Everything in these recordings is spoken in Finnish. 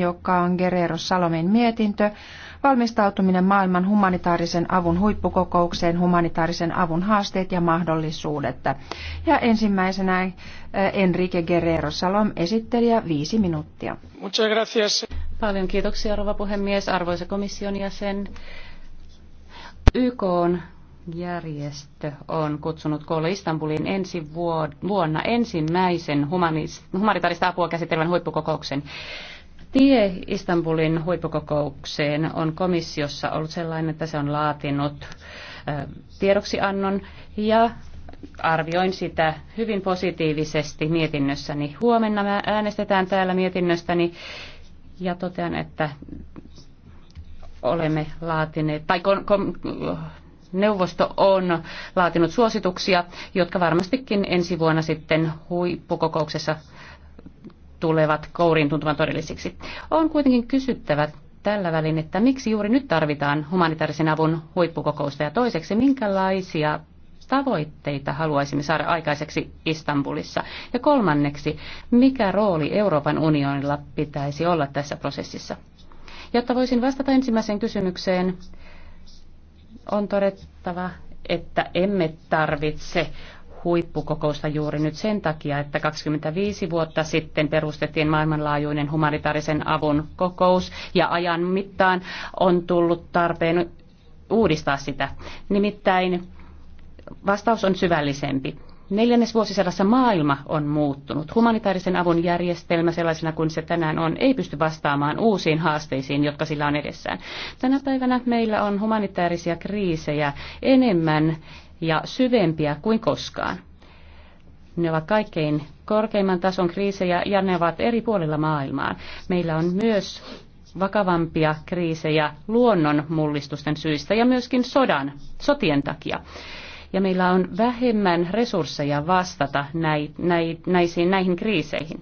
joka on Guerrero Salomen mietintö, valmistautuminen maailman humanitaarisen avun huippukokoukseen, humanitaarisen avun haasteet ja mahdollisuudet. Ja ensimmäisenä eh, Enrique Guerrero Salom, esittelijä, viisi minuuttia. Muchas gracias. Paljon kiitoksia, arvoisa puhemies, arvoisa komission jäsen. YK on järjestö on kutsunut koolle Istanbulin ensi vuonna ensimmäisen humanitaarista apua käsittelevän huippukokouksen. Tie Istanbulin huippukokoukseen on komissiossa ollut sellainen, että se on laatinut tiedoksiannon ja arvioin sitä hyvin positiivisesti mietinnössäni. Huomenna mä äänestetään täällä mietinnöstäni ja totean, että olemme laatineet, tai kom, kom, neuvosto on laatinut suosituksia, jotka varmastikin ensi vuonna sitten huippukokouksessa tulevat kouriin tuntuvan todellisiksi. On kuitenkin kysyttävä tällä välin, että miksi juuri nyt tarvitaan humanitaarisen avun huippukokousta ja toiseksi, minkälaisia tavoitteita haluaisimme saada aikaiseksi Istanbulissa? Ja kolmanneksi, mikä rooli Euroopan unionilla pitäisi olla tässä prosessissa? Jotta voisin vastata ensimmäiseen kysymykseen, on todettava, että emme tarvitse huippukokousta juuri nyt sen takia, että 25 vuotta sitten perustettiin maailmanlaajuinen humanitaarisen avun kokous ja ajan mittaan on tullut tarpeen uudistaa sitä. Nimittäin vastaus on syvällisempi. Neljännesvuosisadassa maailma on muuttunut. Humanitaarisen avun järjestelmä sellaisena kuin se tänään on ei pysty vastaamaan uusiin haasteisiin, jotka sillä on edessään. Tänä päivänä meillä on humanitaarisia kriisejä enemmän ja syvempiä kuin koskaan. Ne ovat kaikkein korkeimman tason kriisejä ja ne ovat eri puolilla maailmaa. Meillä on myös vakavampia kriisejä luonnon mullistusten syistä ja myöskin sodan, sotien takia. Ja meillä on vähemmän resursseja vastata näi, näi, näisiin, näihin kriiseihin.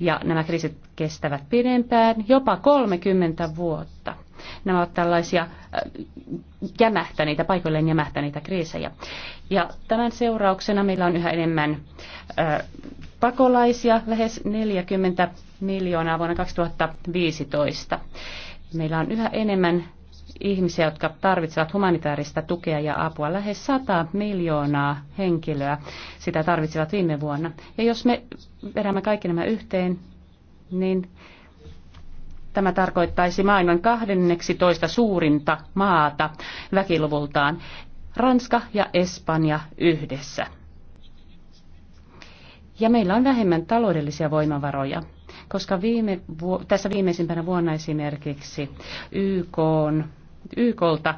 Ja nämä kriisit kestävät pidempään, jopa 30 vuotta. Nämä ovat tällaisia äh, jämähtäneitä, paikoilleen jämähtäneitä kriisejä. Ja tämän seurauksena meillä on yhä enemmän äh, pakolaisia, lähes 40 miljoonaa vuonna 2015. Meillä on yhä enemmän ihmisiä, jotka tarvitsevat humanitaarista tukea ja apua. Lähes 100 miljoonaa henkilöä sitä tarvitsevat viime vuonna. Ja jos me vedämme kaikki nämä yhteen, niin Tämä tarkoittaisi maailman 12 suurinta maata väkiluvultaan, Ranska ja Espanja yhdessä. Ja meillä on vähemmän taloudellisia voimavaroja, koska viime vu- tässä viimeisimpänä vuonna esimerkiksi YK on, YKlta,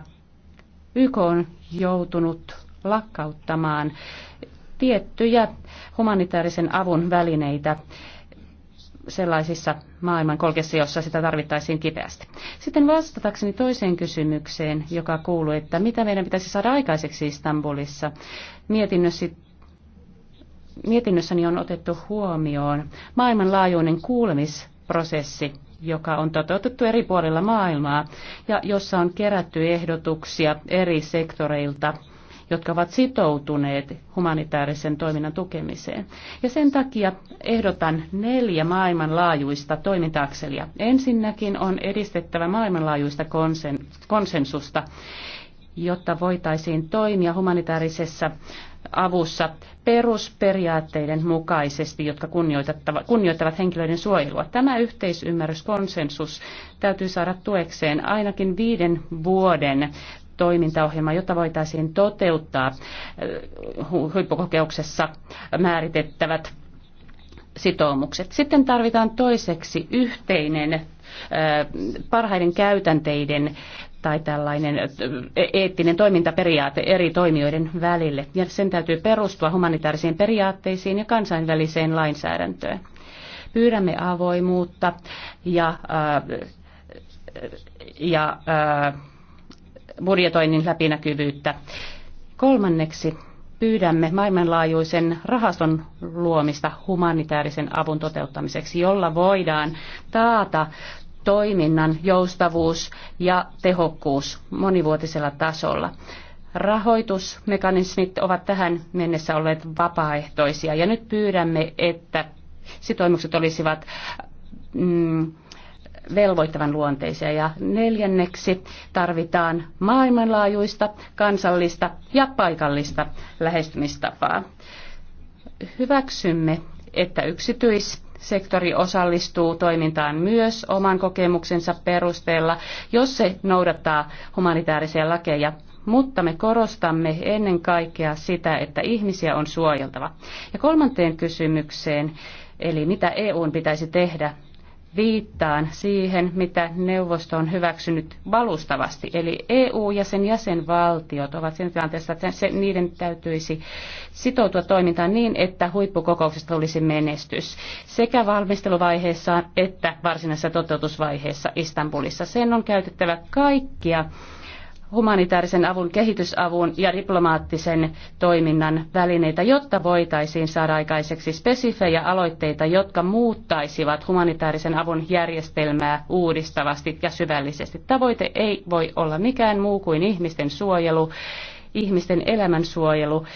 YK on joutunut lakkauttamaan tiettyjä humanitaarisen avun välineitä sellaisissa maailman kolkessa, jossa sitä tarvittaisiin kipeästi. Sitten vastatakseni toiseen kysymykseen, joka kuuluu, että mitä meidän pitäisi saada aikaiseksi Istanbulissa. Mietinnössä mietinnössäni on otettu huomioon maailmanlaajuinen kuulemisprosessi, joka on toteutettu eri puolilla maailmaa ja jossa on kerätty ehdotuksia eri sektoreilta jotka ovat sitoutuneet humanitaarisen toiminnan tukemiseen. Ja sen takia ehdotan neljä maailmanlaajuista toimintaakselia. Ensinnäkin on edistettävä maailmanlaajuista konsen, konsensusta, jotta voitaisiin toimia humanitaarisessa avussa perusperiaatteiden mukaisesti, jotka kunnioittavat henkilöiden suojelua. Tämä yhteisymmärryskonsensus täytyy saada tuekseen ainakin viiden vuoden toimintaohjelma, jota voitaisiin toteuttaa eh, huippukokeuksessa määritettävät sitoumukset. Sitten tarvitaan toiseksi yhteinen eh, parhaiden käytänteiden tai tällainen eh, e- eettinen toimintaperiaate eri toimijoiden välille. Ja sen täytyy perustua humanitaarisiin periaatteisiin ja kansainväliseen lainsäädäntöön. Pyydämme avoimuutta ja, ja, ja budjetoinnin läpinäkyvyyttä. Kolmanneksi pyydämme maailmanlaajuisen rahaston luomista humanitaarisen avun toteuttamiseksi, jolla voidaan taata toiminnan joustavuus ja tehokkuus monivuotisella tasolla. Rahoitusmekanismit ovat tähän mennessä olleet vapaaehtoisia ja nyt pyydämme, että sitoimukset olisivat mm, velvoittavan luonteisia. Ja neljänneksi tarvitaan maailmanlaajuista, kansallista ja paikallista lähestymistapaa. Hyväksymme, että yksityis sektori osallistuu toimintaan myös oman kokemuksensa perusteella, jos se noudattaa humanitaarisia lakeja, mutta me korostamme ennen kaikkea sitä, että ihmisiä on suojeltava. Ja kolmanteen kysymykseen, eli mitä EUn pitäisi tehdä viittaan siihen, mitä neuvosto on hyväksynyt valustavasti. Eli EU ja sen jäsenvaltiot ovat siinä tilanteessa, että se, niiden täytyisi sitoutua toimintaan niin, että huippukokouksesta olisi menestys sekä valmisteluvaiheessa että varsinaisessa toteutusvaiheessa Istanbulissa. Sen on käytettävä kaikkia humanitaarisen avun, kehitysavun ja diplomaattisen toiminnan välineitä, jotta voitaisiin saada aikaiseksi spesifejä aloitteita, jotka muuttaisivat humanitaarisen avun järjestelmää uudistavasti ja syvällisesti. Tavoite ei voi olla mikään muu kuin ihmisten suojelu, ihmisten elämän suojelu,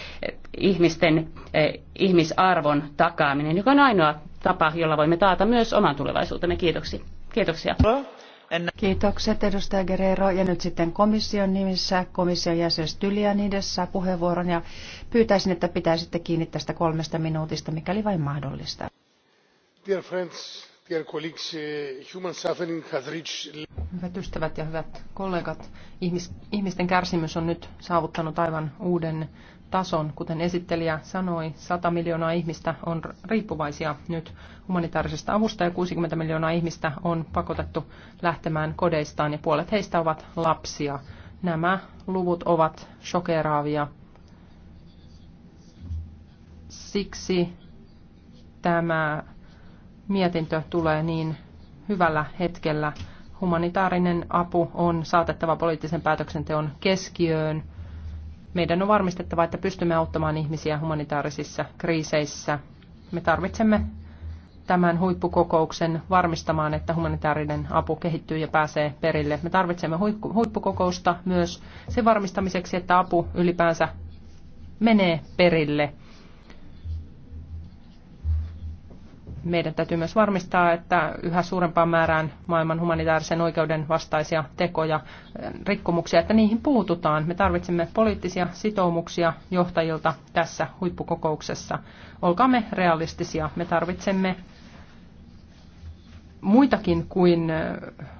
ihmisten eh, ihmisarvon takaaminen, joka on ainoa tapa, jolla voimme taata myös oman tulevaisuutemme. Kiitoksia. Kiitoksia. Kiitokset edustaja Guerrero. Ja nyt sitten komission nimissä komission jäsen Stylianides saa puheenvuoron ja pyytäisin, että pitäisitte kiinni tästä kolmesta minuutista, mikäli vain mahdollista. Dear friends, dear colleagues, human suffering has reached... Hyvät ystävät ja hyvät kollegat, ihmis, ihmisten kärsimys on nyt saavuttanut aivan uuden tason. Kuten esittelijä sanoi, 100 miljoonaa ihmistä on riippuvaisia nyt humanitaarisesta avusta ja 60 miljoonaa ihmistä on pakotettu lähtemään kodeistaan ja puolet heistä ovat lapsia. Nämä luvut ovat shokeraavia. Siksi tämä mietintö tulee niin hyvällä hetkellä. Humanitaarinen apu on saatettava poliittisen päätöksenteon keskiöön – meidän on varmistettava, että pystymme auttamaan ihmisiä humanitaarisissa kriiseissä. Me tarvitsemme tämän huippukokouksen varmistamaan, että humanitaarinen apu kehittyy ja pääsee perille. Me tarvitsemme huippukokousta myös sen varmistamiseksi, että apu ylipäänsä menee perille meidän täytyy myös varmistaa, että yhä suurempaan määrään maailman humanitaarisen oikeuden vastaisia tekoja, eh, rikkomuksia, että niihin puututaan. Me tarvitsemme poliittisia sitoumuksia johtajilta tässä huippukokouksessa. Olkaamme realistisia. Me tarvitsemme muitakin kuin eh,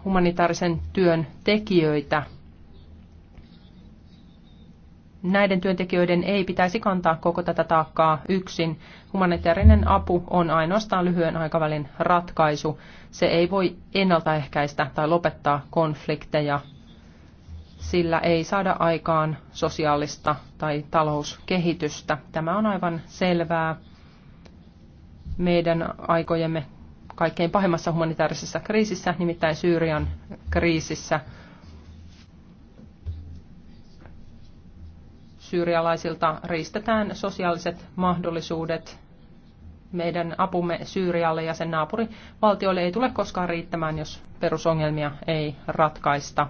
humanitaarisen työn tekijöitä Näiden työntekijöiden ei pitäisi kantaa koko tätä taakkaa yksin. Humanitaarinen apu on ainoastaan lyhyen aikavälin ratkaisu. Se ei voi ennaltaehkäistä tai lopettaa konflikteja. Sillä ei saada aikaan sosiaalista tai talouskehitystä. Tämä on aivan selvää meidän aikojemme kaikkein pahimmassa humanitaarisessa kriisissä, nimittäin Syyrian kriisissä – syyrialaisilta riistetään sosiaaliset mahdollisuudet. Meidän apumme Syyrialle ja sen naapurivaltioille ei tule koskaan riittämään, jos perusongelmia ei ratkaista.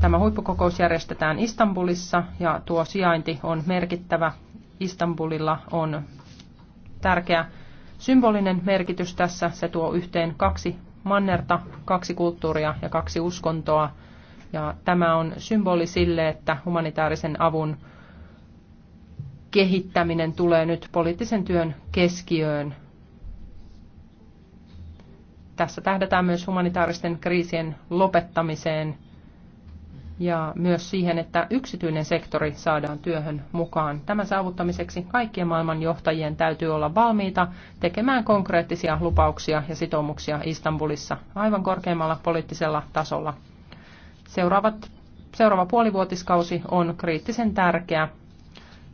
Tämä huippukokous järjestetään Istanbulissa ja tuo sijainti on merkittävä. Istanbulilla on tärkeä symbolinen merkitys tässä. Se tuo yhteen kaksi mannerta, kaksi kulttuuria ja kaksi uskontoa. Ja tämä on symboli sille, että humanitaarisen avun kehittäminen tulee nyt poliittisen työn keskiöön. Tässä tähdätään myös humanitaaristen kriisien lopettamiseen ja myös siihen, että yksityinen sektori saadaan työhön mukaan. Tämän saavuttamiseksi kaikkien maailman johtajien täytyy olla valmiita tekemään konkreettisia lupauksia ja sitoumuksia Istanbulissa aivan korkeimmalla poliittisella tasolla. Seuraavat, seuraava puolivuotiskausi on kriittisen tärkeä.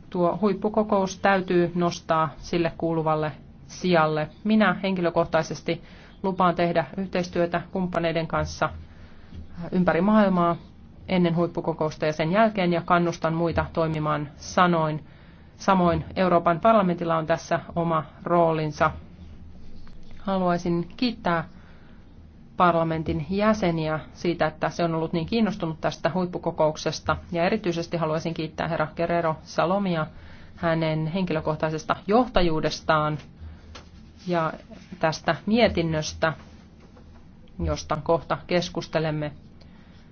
Tuo huippukokous täytyy nostaa sille kuuluvalle sijalle. Minä henkilökohtaisesti lupaan tehdä yhteistyötä kumppaneiden kanssa ympäri maailmaa ennen huippukokousta ja sen jälkeen ja kannustan muita toimimaan sanoin. Samoin Euroopan parlamentilla on tässä oma roolinsa. Haluaisin kiittää parlamentin jäseniä siitä, että se on ollut niin kiinnostunut tästä huippukokouksesta. Ja erityisesti haluaisin kiittää herra Guerrero Salomia hänen henkilökohtaisesta johtajuudestaan ja tästä mietinnöstä, josta kohta keskustelemme.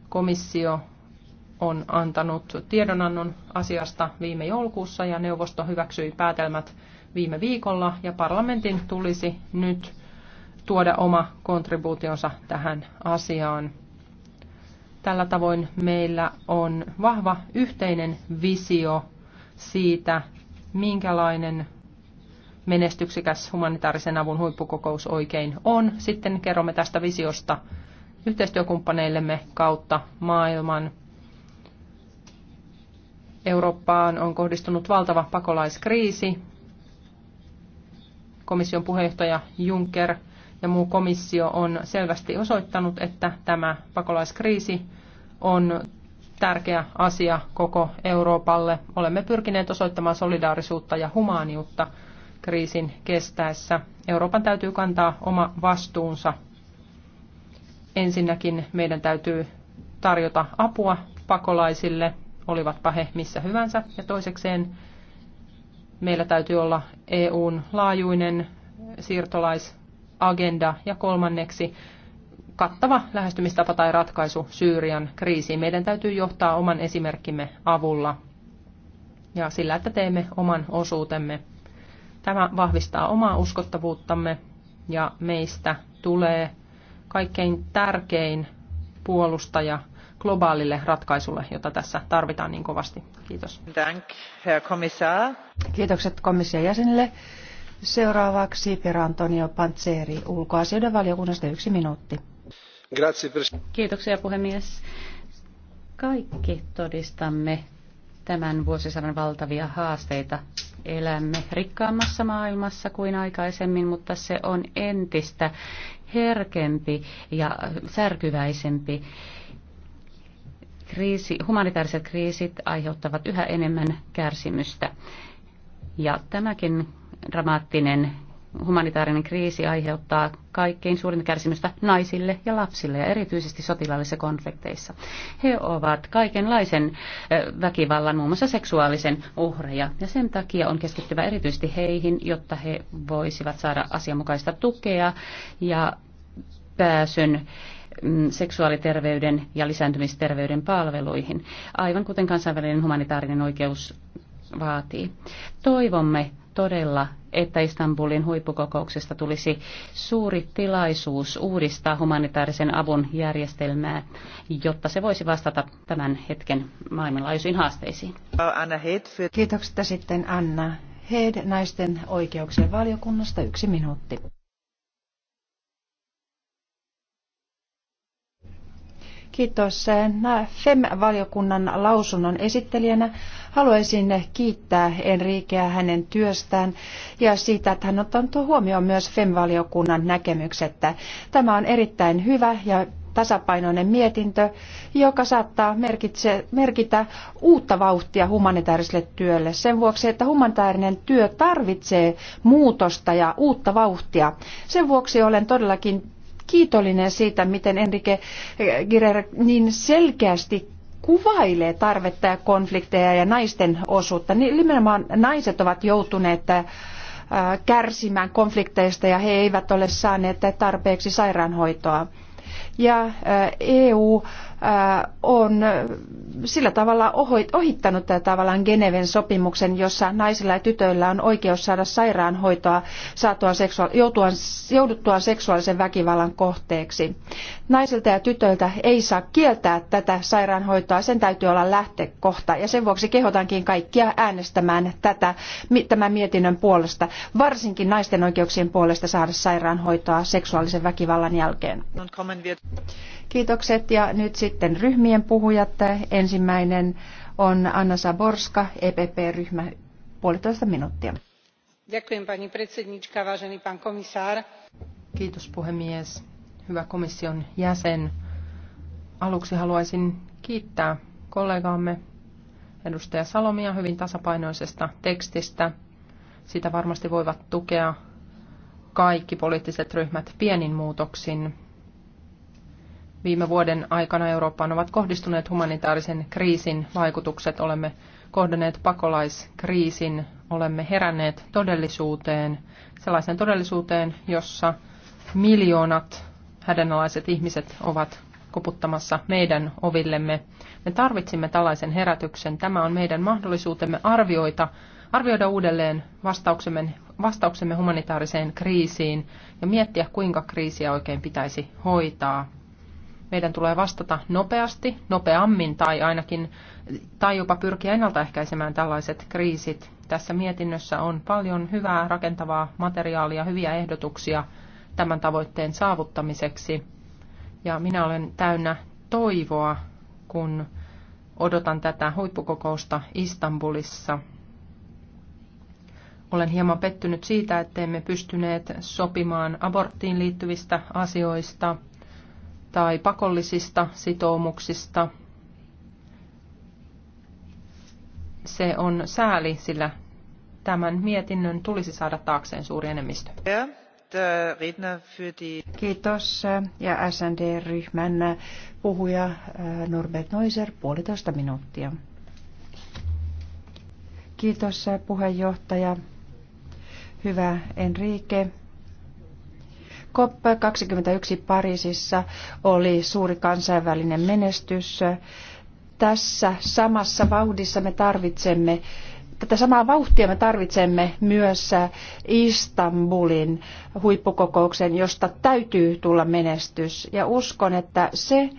Komissio on antanut tiedonannon asiasta viime joulukuussa ja neuvosto hyväksyi päätelmät viime viikolla ja parlamentin tulisi nyt tuoda oma kontribuutionsa tähän asiaan. Tällä tavoin meillä on vahva yhteinen visio siitä, minkälainen menestyksikäs humanitaarisen avun huippukokous oikein on. Sitten kerromme tästä visiosta yhteistyökumppaneillemme kautta maailman. Eurooppaan on kohdistunut valtava pakolaiskriisi. Komission puheenjohtaja Juncker ja muu komissio on selvästi osoittanut, että tämä pakolaiskriisi on tärkeä asia koko Euroopalle. Olemme pyrkineet osoittamaan solidaarisuutta ja humaaniutta kriisin kestäessä. Euroopan täytyy kantaa oma vastuunsa. Ensinnäkin meidän täytyy tarjota apua pakolaisille, olivatpa he missä hyvänsä. Ja toisekseen meillä täytyy olla EUn laajuinen siirtolais- agenda ja kolmanneksi kattava lähestymistapa tai ratkaisu Syyrian kriisiin. Meidän täytyy johtaa oman esimerkkimme avulla ja sillä, että teemme oman osuutemme. Tämä vahvistaa omaa uskottavuuttamme ja meistä tulee kaikkein tärkein puolustaja globaalille ratkaisulle, jota tässä tarvitaan niin kovasti. Kiitos. Dank, Herr Kommissar. Kiitokset komission jäsenille. Seuraavaksi Per Antonio Panzeri ulkoasioiden valiokunnasta yksi minuutti. Kiitoksia puhemies. Kaikki todistamme tämän vuosisadan valtavia haasteita. Elämme rikkaammassa maailmassa kuin aikaisemmin, mutta se on entistä herkempi ja särkyväisempi. Kriisi, humanitaariset kriisit aiheuttavat yhä enemmän kärsimystä. Ja tämäkin dramaattinen humanitaarinen kriisi aiheuttaa kaikkein suurinta kärsimystä naisille ja lapsille ja erityisesti sotilaallisissa konflikteissa. He ovat kaikenlaisen väkivallan, muun muassa seksuaalisen uhreja ja sen takia on keskittyvä erityisesti heihin, jotta he voisivat saada asianmukaista tukea ja pääsyn mm, seksuaaliterveyden ja lisääntymisterveyden palveluihin, aivan kuten kansainvälinen humanitaarinen oikeus vaatii. Toivomme todella, että Istanbulin huippukokouksesta tulisi suuri tilaisuus uudistaa humanitaarisen avun järjestelmää, jotta se voisi vastata tämän hetken maailmanlaajuisiin haasteisiin. Kiitoksia sitten Anna Head naisten oikeuksien valiokunnasta yksi minuutti. Kiitos. FEM-valiokunnan lausunnon esittelijänä haluaisin kiittää Enriikeä hänen työstään ja siitä, että hän on ottanut huomioon myös FEM-valiokunnan näkemykset. Tämä on erittäin hyvä ja tasapainoinen mietintö, joka saattaa merkitse, merkitä uutta vauhtia humanitaariselle työlle sen vuoksi, että humanitaarinen työ tarvitsee muutosta ja uutta vauhtia. Sen vuoksi olen todellakin kiitollinen siitä, miten Enrique Girer niin selkeästi kuvailee tarvetta ja konflikteja ja naisten osuutta. Niin nimenomaan naiset ovat joutuneet äh, kärsimään konflikteista ja he eivät ole saaneet tarpeeksi sairaanhoitoa. Ja äh, EU on sillä tavalla ohittanut tavallaan Geneven sopimuksen, jossa naisilla ja tytöillä on oikeus saada sairaanhoitoa saatuaan seksua- jouduttuaan seksuaalisen väkivallan kohteeksi. Naisilta ja tytöiltä ei saa kieltää tätä sairaanhoitoa, sen täytyy olla lähtekohta ja sen vuoksi kehotankin kaikkia äänestämään tätä, tämän mietinnön puolesta, varsinkin naisten oikeuksien puolesta saada sairaanhoitoa seksuaalisen väkivallan jälkeen. Kiitokset ja nyt sitten ryhmien puhujat. Ensimmäinen on Anna Saborska, EPP-ryhmä, puolitoista minuuttia. Kiitos puhemies, hyvä komission jäsen. Aluksi haluaisin kiittää kollegaamme edustaja Salomia hyvin tasapainoisesta tekstistä. Sitä varmasti voivat tukea kaikki poliittiset ryhmät pienin muutoksin viime vuoden aikana Eurooppaan ovat kohdistuneet humanitaarisen kriisin vaikutukset. Olemme kohdanneet pakolaiskriisin, olemme heränneet todellisuuteen, sellaiseen todellisuuteen, jossa miljoonat hädänalaiset ihmiset ovat koputtamassa meidän ovillemme. Me tarvitsimme tällaisen herätyksen. Tämä on meidän mahdollisuutemme arvioita, arvioida uudelleen vastauksemme, vastauksemme humanitaariseen kriisiin ja miettiä, kuinka kriisiä oikein pitäisi hoitaa. Meidän tulee vastata nopeasti, nopeammin tai ainakin, tai jopa pyrkiä ennaltaehkäisemään tällaiset kriisit. Tässä mietinnössä on paljon hyvää rakentavaa materiaalia, hyviä ehdotuksia tämän tavoitteen saavuttamiseksi. Ja minä olen täynnä toivoa, kun odotan tätä huippukokousta Istanbulissa. Olen hieman pettynyt siitä, että emme pystyneet sopimaan aborttiin liittyvistä asioista – tai pakollisista sitoumuksista. Se on sääli, sillä tämän mietinnön tulisi saada taakseen suuri enemmistö. Kiitos. Ja SND-ryhmän puhuja äh, Norbert Noiser, puolitoista minuuttia. Kiitos äh, puheenjohtaja. Hyvä Enrique. COP21 Pariisissa oli suuri kansainvälinen menestys. Tässä samassa vauhdissa me tarvitsemme tätä samaa vauhtia me tarvitsemme myös Istanbulin huippukokouksen, josta täytyy tulla menestys. Ja uskon, että se,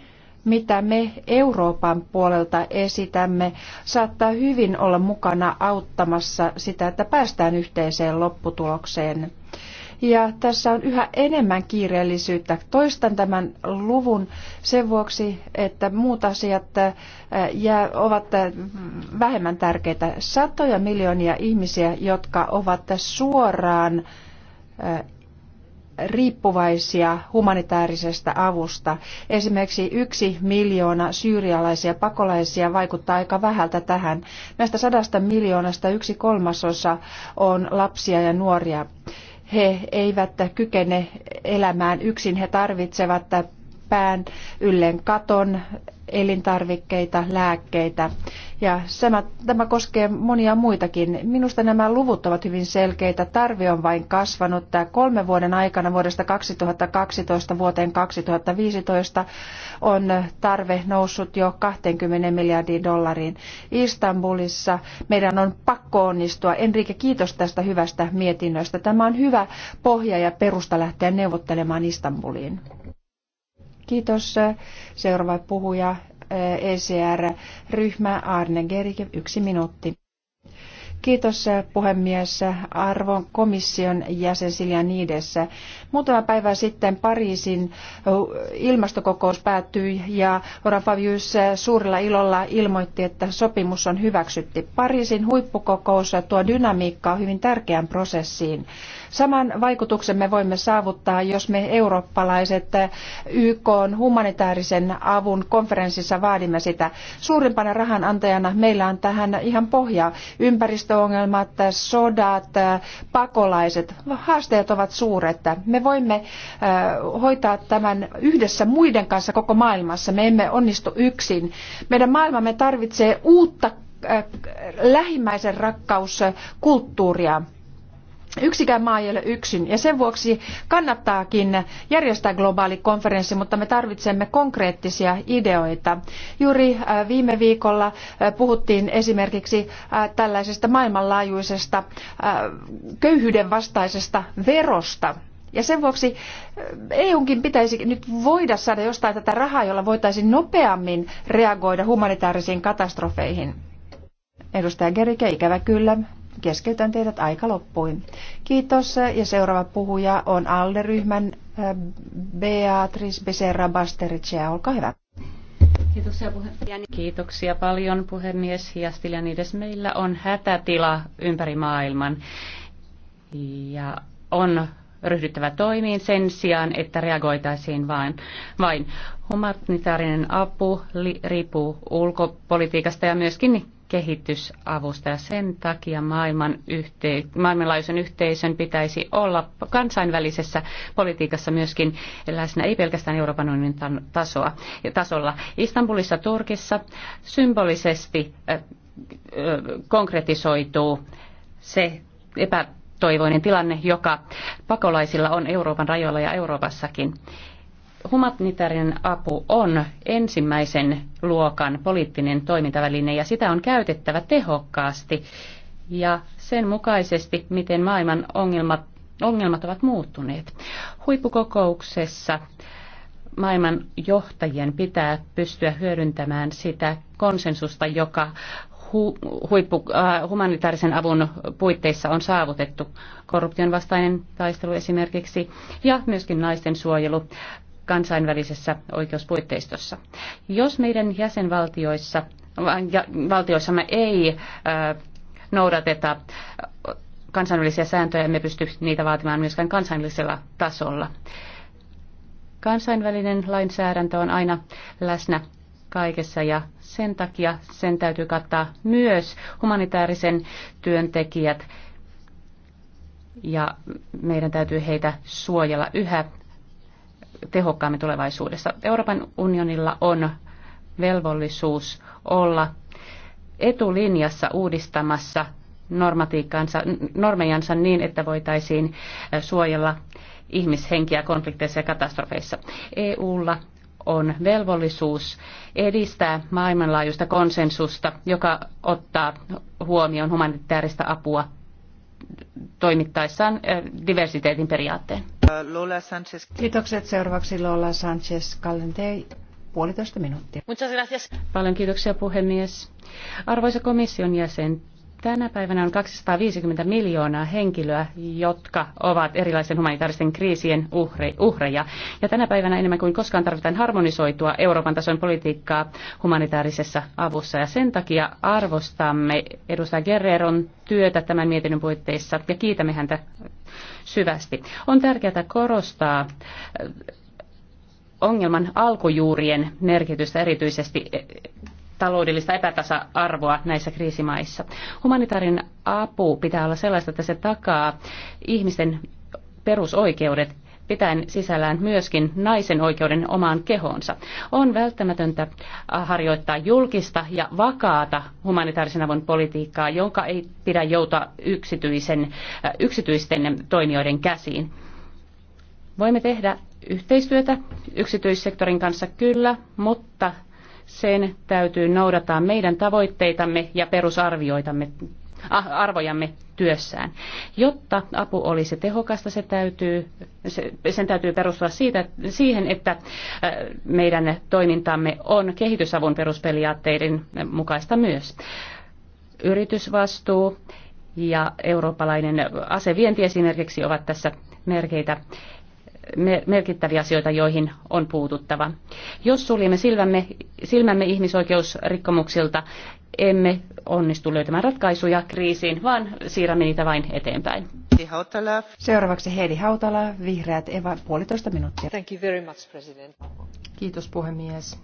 mitä me Euroopan puolelta esitämme, saattaa hyvin olla mukana auttamassa sitä, että päästään yhteiseen lopputulokseen ja tässä on yhä enemmän kiireellisyyttä. Toistan tämän luvun sen vuoksi, että muut asiat äh, ovat äh, vähemmän tärkeitä. Satoja miljoonia ihmisiä, jotka ovat suoraan äh, riippuvaisia humanitaarisesta avusta. Esimerkiksi yksi miljoona syyrialaisia pakolaisia vaikuttaa aika vähältä tähän. Näistä sadasta miljoonasta yksi kolmasosa on lapsia ja nuoria he eivät kykene elämään yksin. He tarvitsevat pään yllen katon, elintarvikkeita, lääkkeitä ja tämä koskee monia muitakin. Minusta nämä luvut ovat hyvin selkeitä. Tarve on vain kasvanut. Tämä kolmen vuoden aikana vuodesta 2012 vuoteen 2015 on tarve noussut jo 20 miljardiin dollariin. Istanbulissa meidän on pakko onnistua. Enrique, kiitos tästä hyvästä mietinnöstä. Tämä on hyvä pohja ja perusta lähteä neuvottelemaan Istanbuliin. Kiitos. Seuraava puhuja ECR-ryhmä Arne Gerike, yksi minuutti. Kiitos puhemies arvon komission jäsen Silja Niidessä. Muutama päivä sitten Pariisin ilmastokokous päättyi ja Laurent Fabius suurella ilolla ilmoitti, että sopimus on hyväksytty. Pariisin huippukokous tuo dynamiikkaa hyvin tärkeään prosessiin Saman vaikutuksen me voimme saavuttaa, jos me eurooppalaiset eh, YK humanitaarisen avun konferenssissa vaadimme sitä. Suurimpana rahanantajana meillä on tähän ihan pohja. Ympäristöongelmat, eh, sodat, eh, pakolaiset, haasteet ovat suuret. Me voimme hoitaa tämän yhdessä muiden kanssa koko maailmassa. Me emme onnistu yksin. Meidän maailmamme tarvitsee uutta lähimmäisen rakkauskulttuuria. Yksikään maa ei ole yksin ja sen vuoksi kannattaakin järjestää globaali konferenssi, mutta me tarvitsemme konkreettisia ideoita. Juuri äh, viime viikolla äh, puhuttiin esimerkiksi äh, tällaisesta maailmanlaajuisesta köyhyyden vastaisesta verosta. Ja sen vuoksi EUnkin pitäisi nyt voida saada jostain tätä rahaa, jolla voitaisiin nopeammin reagoida humanitaarisiin katastrofeihin. Edustaja Gerike, ikävä kyllä keskeytän teidät aika loppuin. Kiitos eh, ja seuraava puhuja on ALDE-ryhmän eh, Beatrice Becerra Bastericea. Olkaa hyvä. Kiitoksia, puhe- Kiitoksia paljon puhemies Hiastilianides. Meillä on hätätila ympäri maailman ja on ryhdyttävä toimiin sen sijaan, että reagoitaisiin vain. vain. Humanitaarinen apu riippuu ulkopolitiikasta ja myöskin kehitysavusta ja sen takia maailman yhte, maailmanlaajuisen yhteisön pitäisi olla kansainvälisessä politiikassa myöskin läsnä, ei pelkästään Euroopan unionin tasoa, tasolla. Istanbulissa Turkissa symbolisesti äh, konkretisoituu se epätoivoinen tilanne, joka pakolaisilla on Euroopan rajoilla ja Euroopassakin humanitaarinen apu on ensimmäisen luokan poliittinen toimintaväline ja sitä on käytettävä tehokkaasti ja sen mukaisesti, miten maailman ongelmat, ongelmat ovat muuttuneet. Huippukokouksessa maailman johtajien pitää pystyä hyödyntämään sitä konsensusta, joka hu, huippu, äh, humanitaarisen avun puitteissa on saavutettu. Korruption vastainen taistelu esimerkiksi ja myöskin naisten suojelu, kansainvälisessä oikeuspuitteistossa. Jos meidän jäsenvaltioissa valtioissamme ei noudateta kansainvälisiä sääntöjä, emme pysty niitä vaatimaan myöskään kansainvälisellä tasolla. Kansainvälinen lainsäädäntö on aina läsnä kaikessa ja sen takia sen täytyy kattaa myös humanitaarisen työntekijät ja meidän täytyy heitä suojella yhä tehokkaammin tulevaisuudessa. Euroopan unionilla on velvollisuus olla etulinjassa uudistamassa normejansa niin, että voitaisiin suojella ihmishenkiä konflikteissa ja katastrofeissa. EUlla on velvollisuus edistää maailmanlaajuista konsensusta, joka ottaa huomioon humanitaarista apua toimittaessaan diversiteetin periaatteen arvoisa seuraavaksi Lola Sanchez Calentei. Puolitoista minuuttia. Paljon kiitoksia puhemies. Arvoisa komission jäsen, Tänä päivänä on 250 miljoonaa henkilöä, jotka ovat erilaisen humanitaaristen kriisien uhreja. Ja tänä päivänä enemmän kuin koskaan tarvitaan harmonisoitua Euroopan tason politiikkaa humanitaarisessa avussa. Ja sen takia arvostamme edustaja Guerreron työtä tämän mietinnön puitteissa ja kiitämme häntä syvästi. On tärkeää korostaa äh, ongelman alkujuurien merkitystä erityisesti taloudellista epätasa-arvoa näissä kriisimaissa. Humanitaarinen apu pitää olla sellaista, että se takaa ihmisten perusoikeudet pitäen sisällään myöskin naisen oikeuden omaan kehoonsa. On välttämätöntä harjoittaa julkista ja vakaata humanitaarisen avun politiikkaa, jonka ei pidä joutua yksityisen, äh, yksityisten toimijoiden käsiin. Voimme tehdä yhteistyötä yksityissektorin kanssa kyllä, mutta sen täytyy noudattaa meidän tavoitteitamme ja perusarvioitamme ah, arvojamme työssään. Jotta apu olisi tehokasta, se täytyy, se, sen täytyy perustua siitä, siihen, että äh, meidän toimintamme on kehitysavun perusperiaatteiden mukaista myös. Yritysvastuu ja eurooppalainen asevienti esimerkiksi ovat tässä merkeitä merkittäviä asioita, joihin on puututtava. Jos suljemme silmämme, silmämme ihmisoikeusrikkomuksilta, emme onnistu löytämään ratkaisuja kriisiin, vaan siirrämme niitä vain eteenpäin. Seuraavaksi Heidi Hautala, Vihreät, Eva, puolitoista minuuttia. Thank you very much, President. Kiitos puhemies.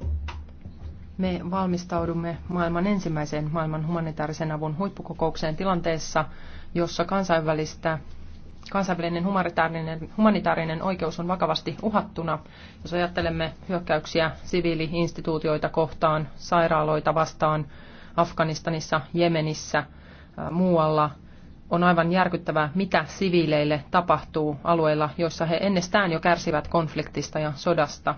Me valmistaudumme maailman ensimmäiseen maailman humanitaarisen avun huippukokoukseen tilanteessa, jossa kansainvälistä kansainvälinen humanitaarinen, humanitaarinen oikeus on vakavasti uhattuna. Jos ajattelemme hyökkäyksiä siviiliinstituutioita kohtaan, sairaaloita vastaan Afganistanissa, Jemenissä, muualla, on aivan järkyttävää, mitä siviileille tapahtuu alueilla, joissa he ennestään jo kärsivät konfliktista ja sodasta.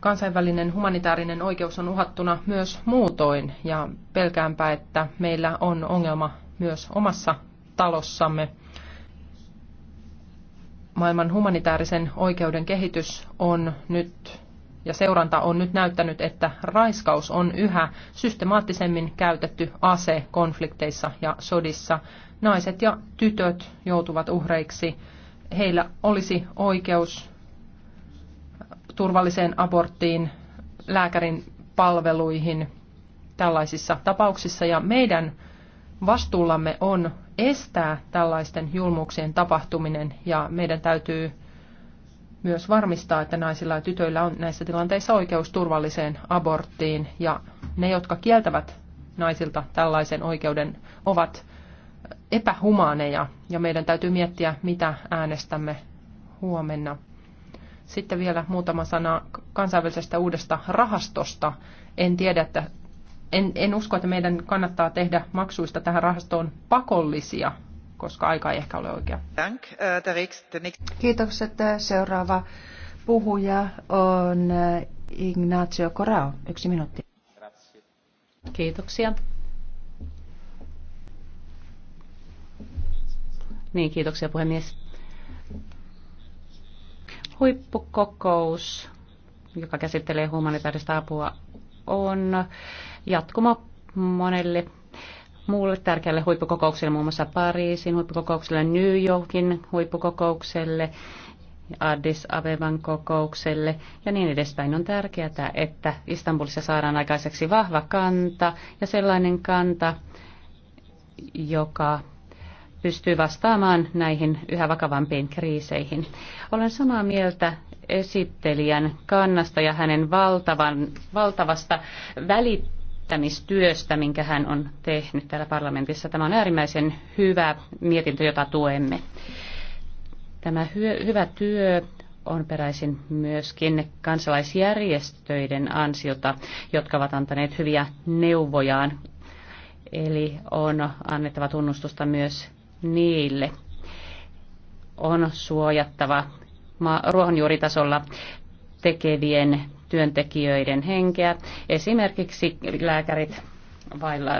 Kansainvälinen humanitaarinen oikeus on uhattuna myös muutoin ja pelkäänpä, että meillä on ongelma myös omassa talossamme – maailman humanitaarisen oikeuden kehitys on nyt ja seuranta on nyt näyttänyt, että raiskaus on yhä systemaattisemmin käytetty ase konflikteissa ja sodissa. Naiset ja tytöt joutuvat uhreiksi. Heillä olisi oikeus turvalliseen aborttiin, lääkärin palveluihin tällaisissa tapauksissa. Ja meidän vastuullamme on estää tällaisten julmuuksien tapahtuminen ja meidän täytyy myös varmistaa, että naisilla ja tytöillä on näissä tilanteissa oikeus turvalliseen aborttiin ja ne, jotka kieltävät naisilta tällaisen oikeuden, ovat epähumaaneja ja meidän täytyy miettiä, mitä äänestämme huomenna. Sitten vielä muutama sana kansainvälisestä uudesta rahastosta. En tiedä, että en, en usko, että meidän kannattaa tehdä maksuista tähän rahastoon pakollisia, koska aika ei ehkä ole oikea. Äh, että äh, Seuraava puhuja on äh, Ignacio Corao. Yksi minuutti. Kiitoksia. Niin, kiitoksia puhemies. Huippukokous, joka käsittelee humanitaarista apua, on jatkuma monelle muulle tärkeälle huippukokoukselle, muun muassa Pariisin huippukokoukselle, New Yorkin huippukokoukselle, Addis Abeban kokoukselle ja niin edespäin. On tärkeää, että Istanbulissa saadaan aikaiseksi vahva kanta ja sellainen kanta, joka pystyy vastaamaan näihin yhä vakavampiin kriiseihin. Olen samaa mieltä esittelijän kannasta ja hänen valtavan, valtavasta välittämistyöstä, minkä hän on tehnyt täällä parlamentissa. Tämä on äärimmäisen hyvä mietintö, jota tuemme. Tämä hyö, hyvä työ on peräisin myöskin kansalaisjärjestöiden ansiota, jotka ovat antaneet hyviä neuvojaan. Eli on annettava tunnustusta myös niille. On suojattava ruohonjuuritasolla tekevien työntekijöiden henkeä. Esimerkiksi lääkärit vailla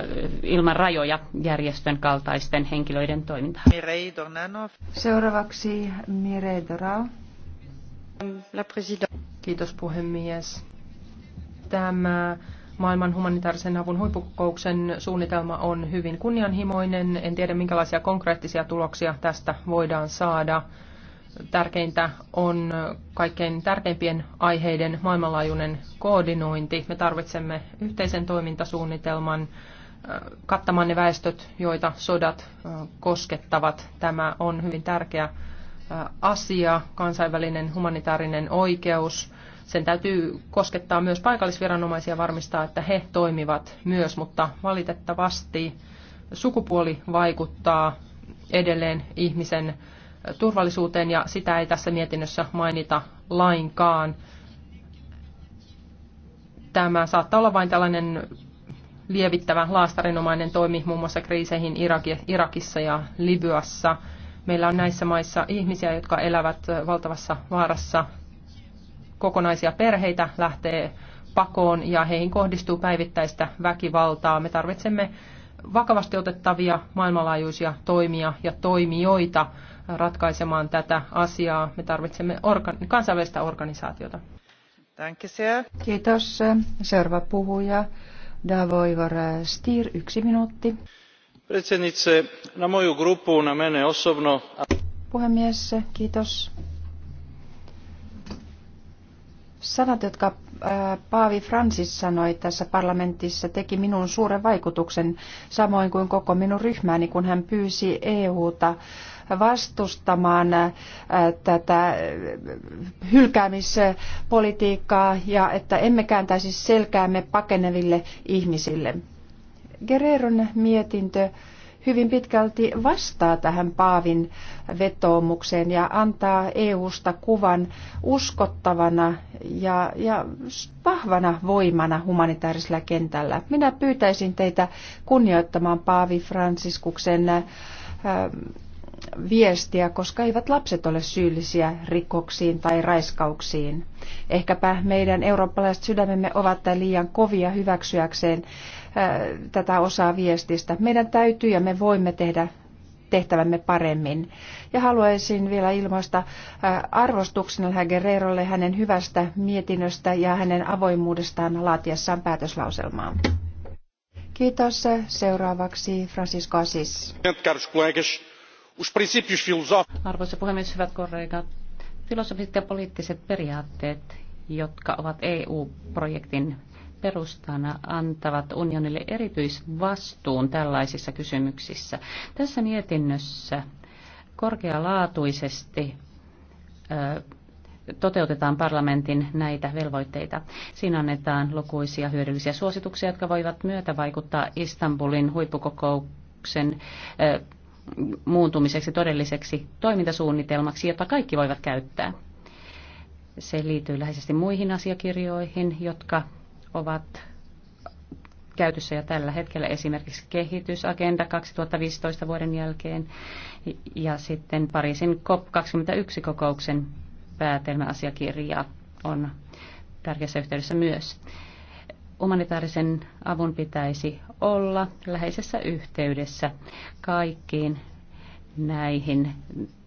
ilman rajoja järjestön kaltaisten henkilöiden toimintaa. Seuraavaksi Mirei Dorao. Kiitos puhemies. Tämä maailman humanitaarisen avun huippukokouksen suunnitelma on hyvin kunnianhimoinen. En tiedä, minkälaisia konkreettisia tuloksia tästä voidaan saada tärkeintä on kaikkein tärkeimpien aiheiden maailmanlaajuinen koordinointi. Me tarvitsemme yhteisen toimintasuunnitelman äh, kattamaan ne väestöt, joita sodat äh, koskettavat. Tämä on hyvin tärkeä äh, asia, kansainvälinen humanitaarinen oikeus. Sen täytyy koskettaa myös paikallisviranomaisia varmistaa, että he toimivat myös, mutta valitettavasti sukupuoli vaikuttaa edelleen ihmisen turvallisuuteen ja sitä ei tässä mietinnössä mainita lainkaan. Tämä saattaa olla vain tällainen lievittävä laastarinomainen toimi muun muassa kriiseihin Irakissa ja Libyassa. Meillä on näissä maissa ihmisiä, jotka elävät valtavassa vaarassa. Kokonaisia perheitä lähtee pakoon ja heihin kohdistuu päivittäistä väkivaltaa. Me tarvitsemme vakavasti otettavia maailmanlaajuisia toimia ja toimijoita ratkaisemaan tätä asiaa. Me tarvitsemme orga- kansainvälistä organisaatiota. Kiitos. Seuraava puhuja. Davor Stier, yksi minuutti. Puhemies, kiitos. Sanat, jotka Paavi Francis sanoi tässä parlamentissa, teki minun suuren vaikutuksen, samoin kuin koko minun ryhmäni, kun hän pyysi EUta vastustamaan tätä hylkäämispolitiikkaa ja että emme kääntäisi selkäämme pakeneville ihmisille. Guerreron mietintö hyvin pitkälti vastaa tähän Paavin vetoomukseen ja antaa EUsta kuvan uskottavana ja, ja vahvana voimana humanitaarisella kentällä. Minä pyytäisin teitä kunnioittamaan Paavi Fransiskuksen äh, viestiä, koska eivät lapset ole syyllisiä rikoksiin tai raiskauksiin. Ehkäpä meidän eurooppalaiset sydämemme ovat liian kovia hyväksyäkseen tätä osaa viestistä. Meidän täytyy ja me voimme tehdä tehtävämme paremmin. Ja haluaisin vielä ilmaista arvostuksen Elhä Guerrerolle hänen hyvästä mietinnöstä ja hänen avoimuudestaan laatiessaan päätöslauselmaa. Kiitos. Seuraavaksi Francisco Assis. Arvoisa puhemies, hyvät kollegat. Filosofiset ja poliittiset periaatteet, jotka ovat EU-projektin perustana antavat unionille erityisvastuun tällaisissa kysymyksissä. Tässä mietinnössä korkealaatuisesti toteutetaan parlamentin näitä velvoitteita. Siinä annetaan lukuisia hyödyllisiä suosituksia, jotka voivat myötä vaikuttaa Istanbulin huippukokouksen muuntumiseksi todelliseksi toimintasuunnitelmaksi, jota kaikki voivat käyttää. Se liittyy läheisesti muihin asiakirjoihin, jotka ovat käytössä jo tällä hetkellä esimerkiksi kehitysagenda 2015 vuoden jälkeen ja sitten Pariisin COP21-kokouksen päätelmäasiakirja on tärkeässä yhteydessä myös. Humanitaarisen avun pitäisi olla läheisessä yhteydessä kaikkiin näihin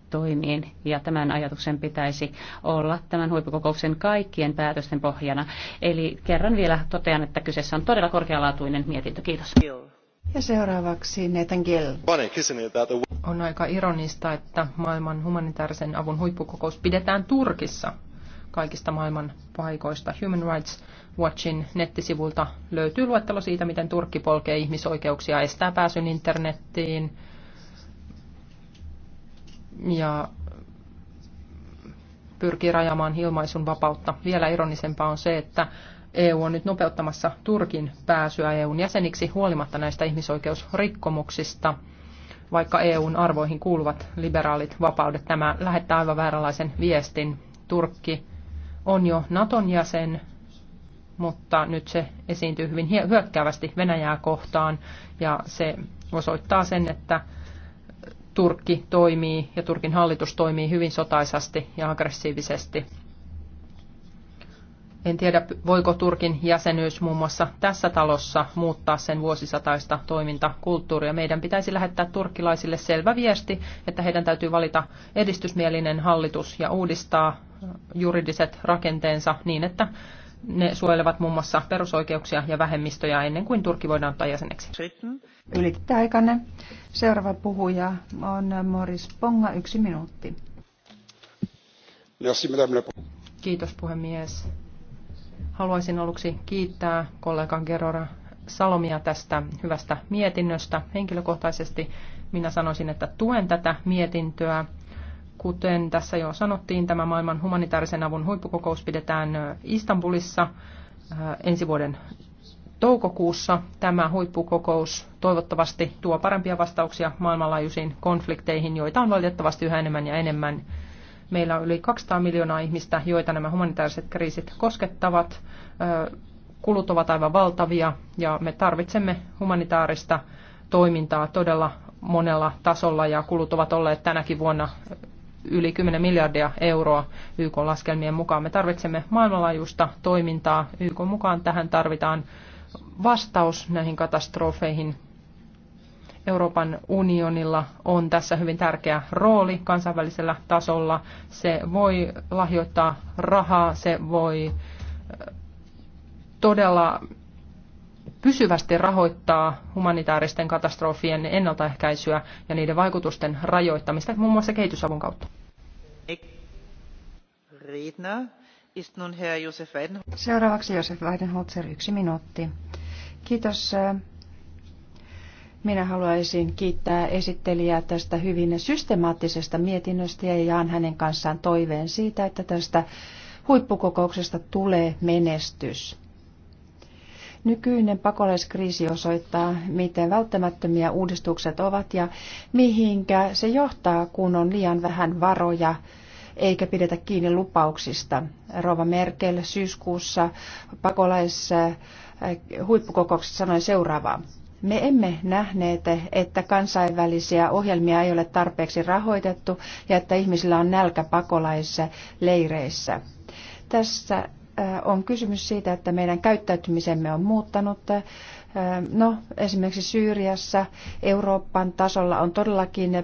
toimiin ja tämän ajatuksen pitäisi olla tämän huippukokouksen kaikkien päätösten pohjana. Eli kerran vielä totean, että kyseessä on todella korkealaatuinen mietintö. Kiitos. Ja seuraavaksi Nathan Gill. On aika ironista, että maailman humanitaarisen avun huippukokous pidetään Turkissa kaikista maailman paikoista. Human Rights Watchin nettisivulta löytyy luettelo siitä, miten Turkki polkee ihmisoikeuksia, estää pääsyn internettiin, ja pyrkii rajamaan ilmaisun vapautta. Vielä ironisempaa on se, että EU on nyt nopeuttamassa Turkin pääsyä EUn jäseniksi huolimatta näistä ihmisoikeusrikkomuksista, vaikka EUn arvoihin kuuluvat liberaalit vapaudet. Tämä lähettää aivan vääränlaisen viestin. Turkki on jo Naton jäsen, mutta nyt se esiintyy hyvin hyökkäävästi Venäjää kohtaan ja se osoittaa sen, että Turkki toimii ja Turkin hallitus toimii hyvin sotaisasti ja aggressiivisesti. En tiedä, voiko Turkin jäsenyys muun muassa tässä talossa muuttaa sen vuosisataista toimintakulttuuria. Meidän pitäisi lähettää turkkilaisille selvä viesti, että heidän täytyy valita edistysmielinen hallitus ja uudistaa juridiset rakenteensa niin, että ne suojelevat muun muassa perusoikeuksia ja vähemmistöjä ennen kuin Turkki voidaan ottaa jäseneksi. Ylitti Seuraava puhuja on Moris Ponga, yksi minuutti. Kiitos puhemies. Haluaisin aluksi kiittää kollega Gerora Salomia tästä hyvästä mietinnöstä. Henkilökohtaisesti minä sanoisin, että tuen tätä mietintöä Kuten tässä jo sanottiin, tämä maailman humanitaarisen avun huippukokous pidetään Istanbulissa ensi vuoden toukokuussa. Tämä huippukokous toivottavasti tuo parempia vastauksia maailmanlaajuisiin konflikteihin, joita on valitettavasti yhä enemmän ja enemmän. Meillä on yli 200 miljoonaa ihmistä, joita nämä humanitaariset kriisit koskettavat. Kulut ovat aivan valtavia ja me tarvitsemme humanitaarista toimintaa todella monella tasolla ja kulut ovat olleet tänäkin vuonna yli 10 miljardia euroa YK laskelmien mukaan. Me tarvitsemme maailmanlaajuista toimintaa. YK mukaan tähän tarvitaan vastaus näihin katastrofeihin. Euroopan unionilla on tässä hyvin tärkeä rooli kansainvälisellä tasolla. Se voi lahjoittaa rahaa, se voi todella pysyvästi rahoittaa humanitaaristen katastrofien ennaltaehkäisyä ja niiden vaikutusten rajoittamista, muun muassa kehitysavun kautta. Seuraavaksi Josef Weidenholzer, yksi minuutti. Kiitos. Minä haluaisin kiittää esittelijää tästä hyvin systemaattisesta mietinnöstä ja jaan hänen kanssaan toiveen siitä, että tästä huippukokouksesta tulee menestys. Nykyinen pakolaiskriisi osoittaa, miten välttämättömiä uudistukset ovat ja mihinkä se johtaa, kun on liian vähän varoja eikä pidetä kiinni lupauksista. Rova Merkel syyskuussa pakolais äh, huippukokouksessa sanoi seuraavaa. Me emme nähneet, että kansainvälisiä ohjelmia ei ole tarpeeksi rahoitettu ja että ihmisillä on nälkä pakolaisleireissä. Tässä Äh, on kysymys siitä, että meidän käyttäytymisemme on muuttanut. Äh, no, esimerkiksi Syyriassa Euroopan tasolla on todellakin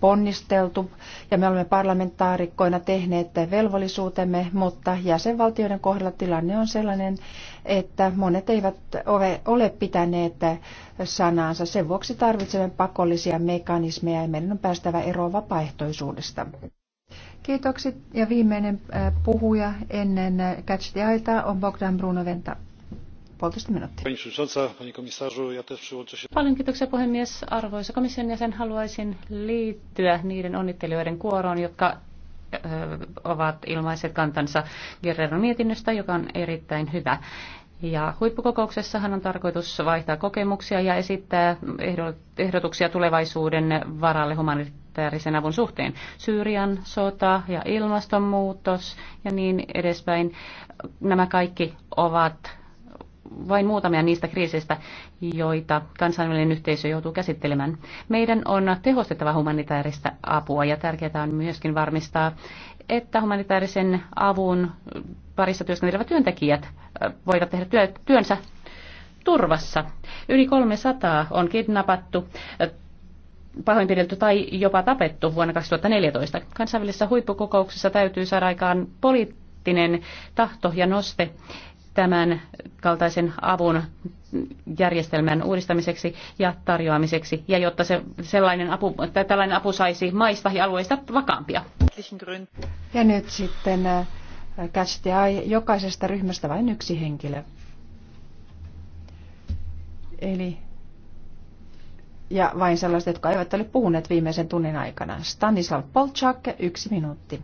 ponnisteltu ja me olemme parlamentaarikkoina tehneet velvollisuutemme, mutta jäsenvaltioiden kohdalla tilanne on sellainen, että monet eivät ole, ole pitäneet sanaansa. Sen vuoksi tarvitsemme pakollisia mekanismeja ja meidän on päästävä eroon vapaaehtoisuudesta. Kiitokset. Ja viimeinen äh, puhuja ennen äh, Catch the Aita on Bogdan Brunoventa. Puolitoista minuuttia. Paljon kiitoksia puhemies. Arvoisa komission jäsen, haluaisin liittyä niiden onnittelijoiden kuoroon, jotka äh, ovat ilmaiset kantansa Guerreron mietinnöstä, joka on erittäin hyvä. Ja huippukokouksessahan on tarkoitus vaihtaa kokemuksia ja esittää ehdotuksia tulevaisuuden varalle humanitaarisesti humanitaarisen avun suhteen. Syyrian sota ja ilmastonmuutos ja niin edespäin. Nämä kaikki ovat vain muutamia niistä kriiseistä, joita kansainvälinen yhteisö joutuu käsittelemään. Meidän on tehostettava humanitaarista apua ja tärkeää on myöskin varmistaa, että humanitaarisen avun parissa työskentelevät työntekijät voivat tehdä työnsä turvassa. Yli 300 on kidnappattu pahoinpidelty tai jopa tapettu vuonna 2014. Kansainvälisessä huippukokouksessa täytyy saada aikaan poliittinen tahto ja noste tämän kaltaisen avun järjestelmän uudistamiseksi ja tarjoamiseksi, ja jotta se, sellainen apu, tai tällainen apu saisi maista ja alueista vakaampia. Ja nyt sitten kästi äh, the jokaisesta ryhmästä vain yksi henkilö. Eli ja vain sellaiset, jotka eivät ole puhuneet viimeisen tunnin aikana. Stanislav Polčak, yksi minuutti.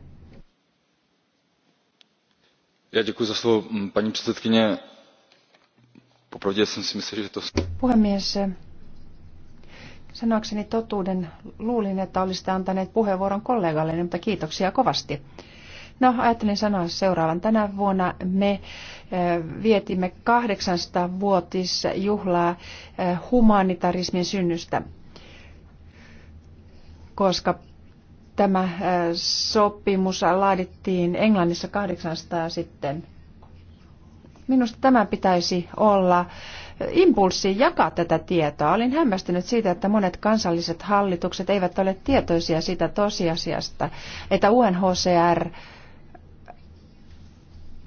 Já děkuji za slovo, paní předsedkyně. Popravdě jsem si myslel, že to... Puhemies, sanoakseni totuuden luulin, että olisitte antaneet puheenvuoron kollegalle, mutta kiitoksia kovasti. No, ajattelin sanoa seuraavan. Tänä vuonna me eh, vietimme 800-vuotisjuhlaa eh, humanitarismin synnystä, koska tämä eh, sopimus laadittiin Englannissa 800 sitten. Minusta tämä pitäisi olla impulssi jakaa tätä tietoa. Olin hämmästynyt siitä, että monet kansalliset hallitukset eivät ole tietoisia siitä tosiasiasta, että UNHCR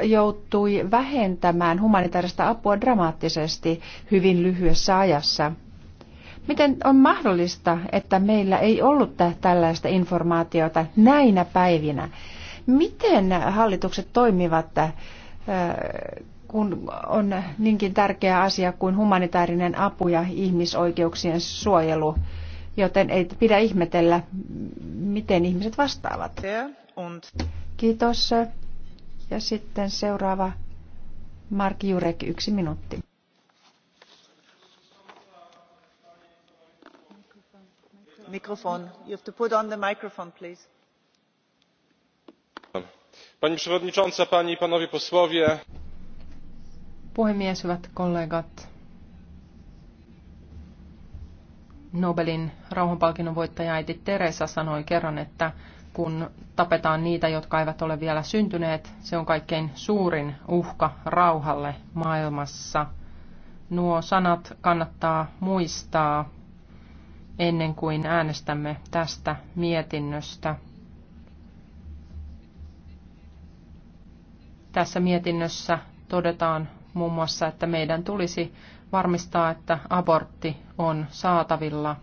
joutui vähentämään humanitaarista apua dramaattisesti hyvin lyhyessä ajassa. Miten on mahdollista, että meillä ei ollut tällaista informaatiota näinä päivinä? Miten hallitukset toimivat, kun on niinkin tärkeä asia kuin humanitaarinen apu ja ihmisoikeuksien suojelu, joten ei pidä ihmetellä, miten ihmiset vastaavat. Kiitos. Ja sitten seuraava Mark Jurek, yksi minuutti. Mikrofon. You have to put on the microphone, please. Pani przewodnicząca, pani i panowie posłowie. Puhemies, hyvät kollegat. Nobelin rauhanpalkinnon voittaja äiti Teresa sanoi kerran, että kun tapetaan niitä, jotka eivät ole vielä syntyneet, se on kaikkein suurin uhka rauhalle maailmassa. Nuo sanat kannattaa muistaa ennen kuin äänestämme tästä mietinnöstä. Tässä mietinnössä todetaan muun muassa, että meidän tulisi varmistaa, että abortti on saatavilla.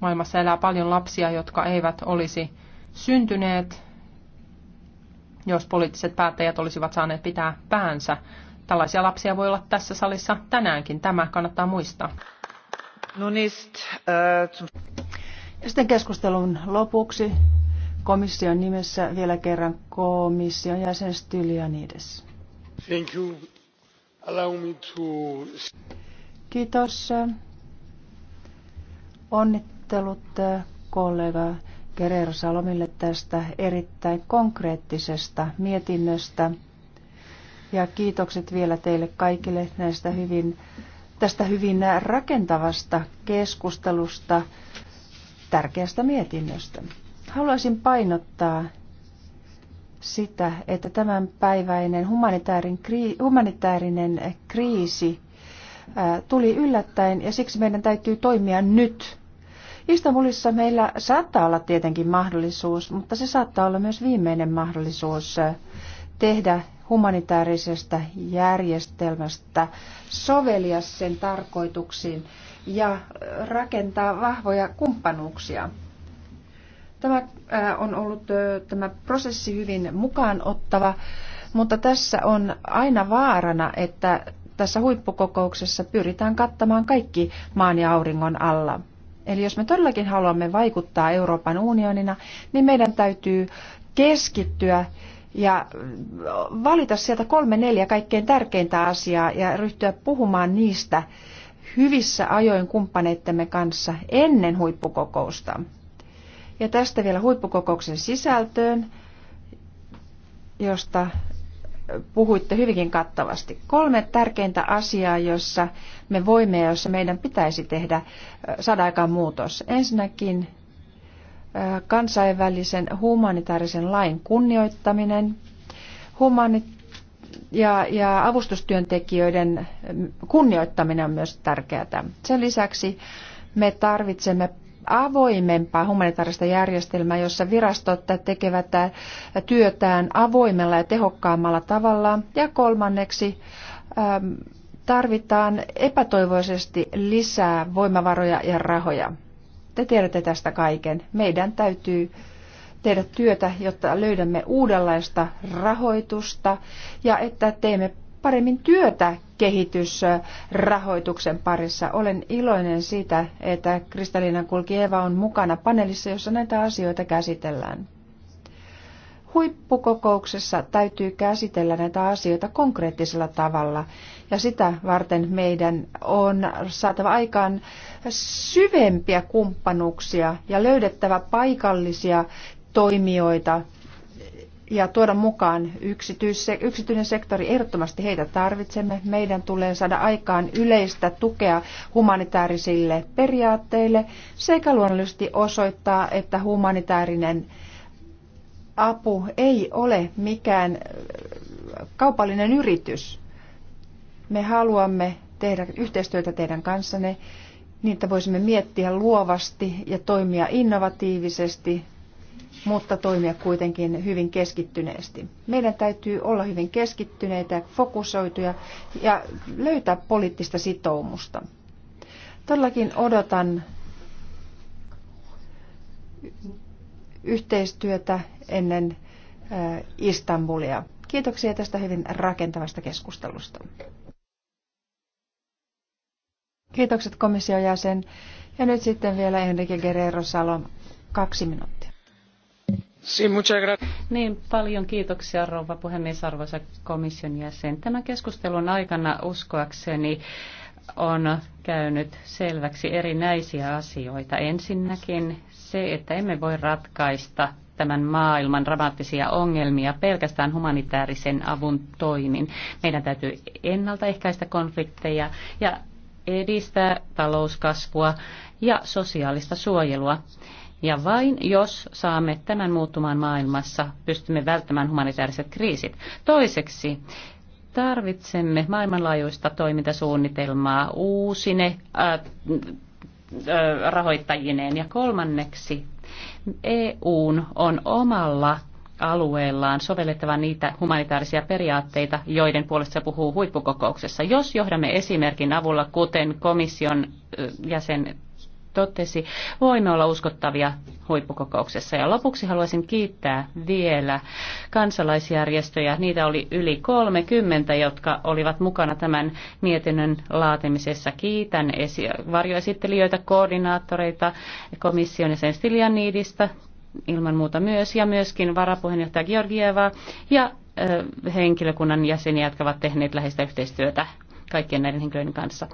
Maailmassa elää paljon lapsia, jotka eivät olisi syntyneet, jos poliittiset päättäjät olisivat saaneet pitää päänsä. Tällaisia lapsia voi olla tässä salissa tänäänkin. Tämä kannattaa muistaa. No niist, äh... Sitten keskustelun lopuksi komission nimessä vielä kerran komission jäsen Stylianides. Thank you. Allow me to... Kiitos. Onnittelut kollega Guerrero Salomille tästä erittäin konkreettisesta mietinnöstä. Ja kiitokset vielä teille kaikille näistä hyvin, tästä hyvin rakentavasta keskustelusta, tärkeästä mietinnöstä. Haluaisin painottaa sitä, että tämänpäiväinen päiväinen kriisi, humanitaarinen kriisi tuli yllättäen ja siksi meidän täytyy toimia nyt Istanbulissa meillä saattaa olla tietenkin mahdollisuus, mutta se saattaa olla myös viimeinen mahdollisuus tehdä humanitaarisesta järjestelmästä sovelias sen tarkoituksiin ja rakentaa vahvoja kumppanuuksia. Tämä äh, on ollut äh, tämä prosessi hyvin mukaanottava, mutta tässä on aina vaarana, että tässä huippukokouksessa pyritään kattamaan kaikki maan ja auringon alla. Eli jos me todellakin haluamme vaikuttaa Euroopan unionina, niin meidän täytyy keskittyä ja valita sieltä kolme neljä kaikkein tärkeintä asiaa ja ryhtyä puhumaan niistä hyvissä ajoin kumppaneittemme kanssa ennen huippukokousta. Ja tästä vielä huippukokouksen sisältöön, josta puhuitte hyvinkin kattavasti. Kolme tärkeintä asiaa, joissa me voimme ja joissa meidän pitäisi tehdä, saada aikaan muutos. Ensinnäkin kansainvälisen humanitaarisen lain kunnioittaminen, humanit- ja, ja avustustyöntekijöiden kunnioittaminen on myös tärkeää. Sen lisäksi me tarvitsemme avoimempaa humanitaarista järjestelmää, jossa virastot tekevät äh, työtään avoimella ja tehokkaammalla tavalla. Ja kolmanneksi ähm, tarvitaan epätoivoisesti lisää voimavaroja ja rahoja. Te tiedätte tästä kaiken. Meidän täytyy tehdä työtä, jotta löydämme uudenlaista rahoitusta ja että teemme paremmin työtä kehitysrahoituksen parissa. Olen iloinen siitä, että Kristalina Kulkieva on mukana paneelissa, jossa näitä asioita käsitellään. Huippukokouksessa täytyy käsitellä näitä asioita konkreettisella tavalla, ja sitä varten meidän on saatava aikaan syvempiä kumppanuuksia ja löydettävä paikallisia toimijoita ja tuoda mukaan yksityinen sektori. Ehdottomasti heitä tarvitsemme. Meidän tulee saada aikaan yleistä tukea humanitaarisille periaatteille sekä luonnollisesti osoittaa, että humanitaarinen apu ei ole mikään kaupallinen yritys. Me haluamme tehdä yhteistyötä teidän kanssanne, niin että voisimme miettiä luovasti ja toimia innovatiivisesti mutta toimia kuitenkin hyvin keskittyneesti. Meidän täytyy olla hyvin keskittyneitä, fokusoituja ja löytää poliittista sitoumusta. Todellakin odotan yhteistyötä ennen äh, Istanbulia. Kiitoksia tästä hyvin rakentavasta keskustelusta. Kiitokset komission jäsen. Ja nyt sitten vielä Enrique Guerrero Salo, kaksi minuuttia. Niin, paljon kiitoksia rouva puhemies, arvoisa komission jäsen. Tämän keskustelun aikana uskoakseni on käynyt selväksi erinäisiä asioita. Ensinnäkin se, että emme voi ratkaista tämän maailman dramaattisia ongelmia pelkästään humanitaarisen avun toimin. Meidän täytyy ennaltaehkäistä konflikteja ja edistää talouskasvua ja sosiaalista suojelua. Ja vain jos saamme tämän muuttumaan maailmassa, pystymme välttämään humanitaariset kriisit. Toiseksi, tarvitsemme maailmanlaajuista toimintasuunnitelmaa uusine äh, äh, rahoittajineen. Ja kolmanneksi, EUn on omalla alueellaan sovellettava niitä humanitaarisia periaatteita, joiden puolesta puhuu huippukokouksessa. Jos johdamme esimerkin avulla, kuten komission äh, jäsen totesi, voimme olla uskottavia huippukokouksessa. Ja lopuksi haluaisin kiittää vielä kansalaisjärjestöjä. Niitä oli yli 30, jotka olivat mukana tämän mietinnön laatimisessa. Kiitän varjoesittelijöitä, koordinaattoreita, komission ja sen ilman muuta myös, ja myöskin varapuheenjohtaja Georgieva ja ö, henkilökunnan jäseniä, jotka ovat tehneet läheistä yhteistyötä kaikkien näiden henkilöiden kanssa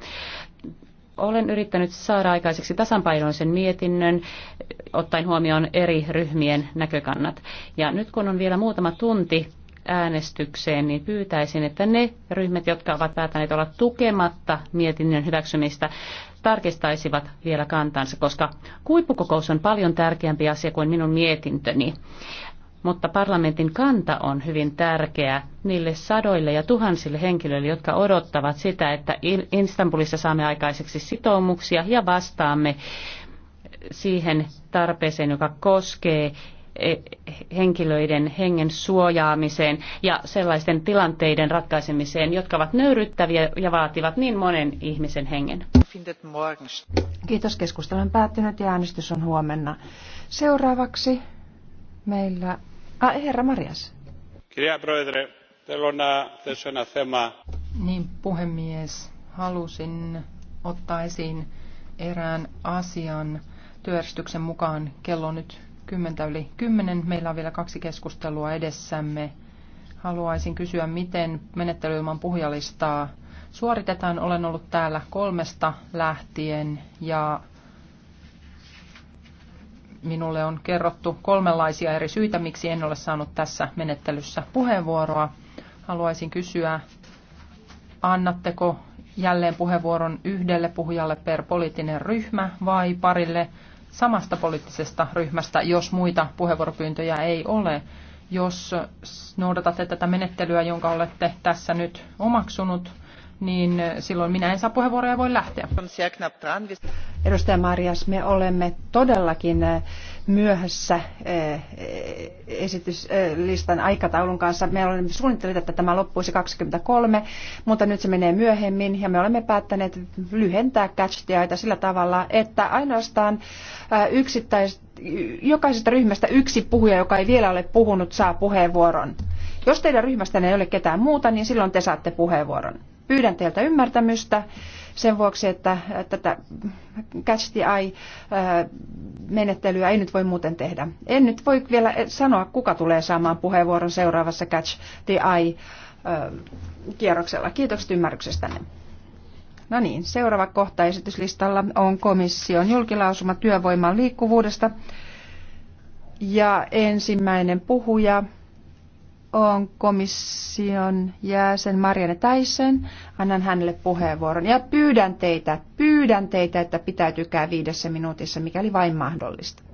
olen yrittänyt saada aikaiseksi tasapainoisen mietinnön, ottaen huomioon eri ryhmien näkökannat. Ja nyt kun on vielä muutama tunti äänestykseen, niin pyytäisin, että ne ryhmät, jotka ovat päättäneet olla tukematta mietinnön hyväksymistä, tarkistaisivat vielä kantansa, koska kuipukokous on paljon tärkeämpi asia kuin minun mietintöni mutta parlamentin kanta on hyvin tärkeä niille sadoille ja tuhansille henkilöille, jotka odottavat sitä, että Istanbulissa saamme aikaiseksi sitoumuksia ja vastaamme siihen tarpeeseen, joka koskee e, henkilöiden hengen suojaamiseen ja sellaisten tilanteiden ratkaisemiseen, jotka ovat nöyryttäviä ja vaativat niin monen ihmisen hengen. Kiitos. keskustelun päättynyt ja äänestys on huomenna. Seuraavaksi meillä Ah, herra Marias. Kirja Niin, puhemies. Halusin ottaa esiin erään asian työjärjestyksen mukaan. Kello on nyt kymmentä yli kymmenen. Meillä on vielä kaksi keskustelua edessämme. Haluaisin kysyä, miten menettely ilman puhujalistaa suoritetaan. Olen ollut täällä kolmesta lähtien ja Minulle on kerrottu kolmenlaisia eri syitä, miksi en ole saanut tässä menettelyssä puheenvuoroa. Haluaisin kysyä, annatteko jälleen puheenvuoron yhdelle puhujalle per poliittinen ryhmä vai parille samasta poliittisesta ryhmästä, jos muita puheenvuoropyyntöjä ei ole. Jos noudatatte tätä menettelyä, jonka olette tässä nyt omaksunut, niin eh, silloin minä en saa puheenvuoroja ja voi lähteä. Edustaja Marias, me olemme todellakin eh, myöhässä eh, esityslistan aikataulun kanssa. Me olemme suunnitelleet, että tämä loppuisi 23, mutta nyt se menee myöhemmin ja me olemme päättäneet lyhentää catch sillä tavalla, että ainoastaan yksittäistä jokaisesta ryhmästä yksi puhuja, joka ei vielä ole puhunut, saa puheenvuoron. Jos teidän ryhmästänne ei ole ketään muuta, niin silloin te saatte puheenvuoron. Pyydän teiltä ymmärtämystä sen vuoksi, että tätä catch the eye-menettelyä ei nyt voi muuten tehdä. En nyt voi vielä sanoa, kuka tulee saamaan puheenvuoron seuraavassa catch the eye-kierroksella. Kiitokset ymmärryksestänne. No niin, seuraava kohta esityslistalla on komission julkilausuma työvoiman liikkuvuudesta. Ja ensimmäinen puhuja on komission jäsen Marianne Täisen. Annan hänelle puheenvuoron ja pyydän teitä, pyydän teitä, että pitäytykää viidessä minuutissa, mikäli vain mahdollista.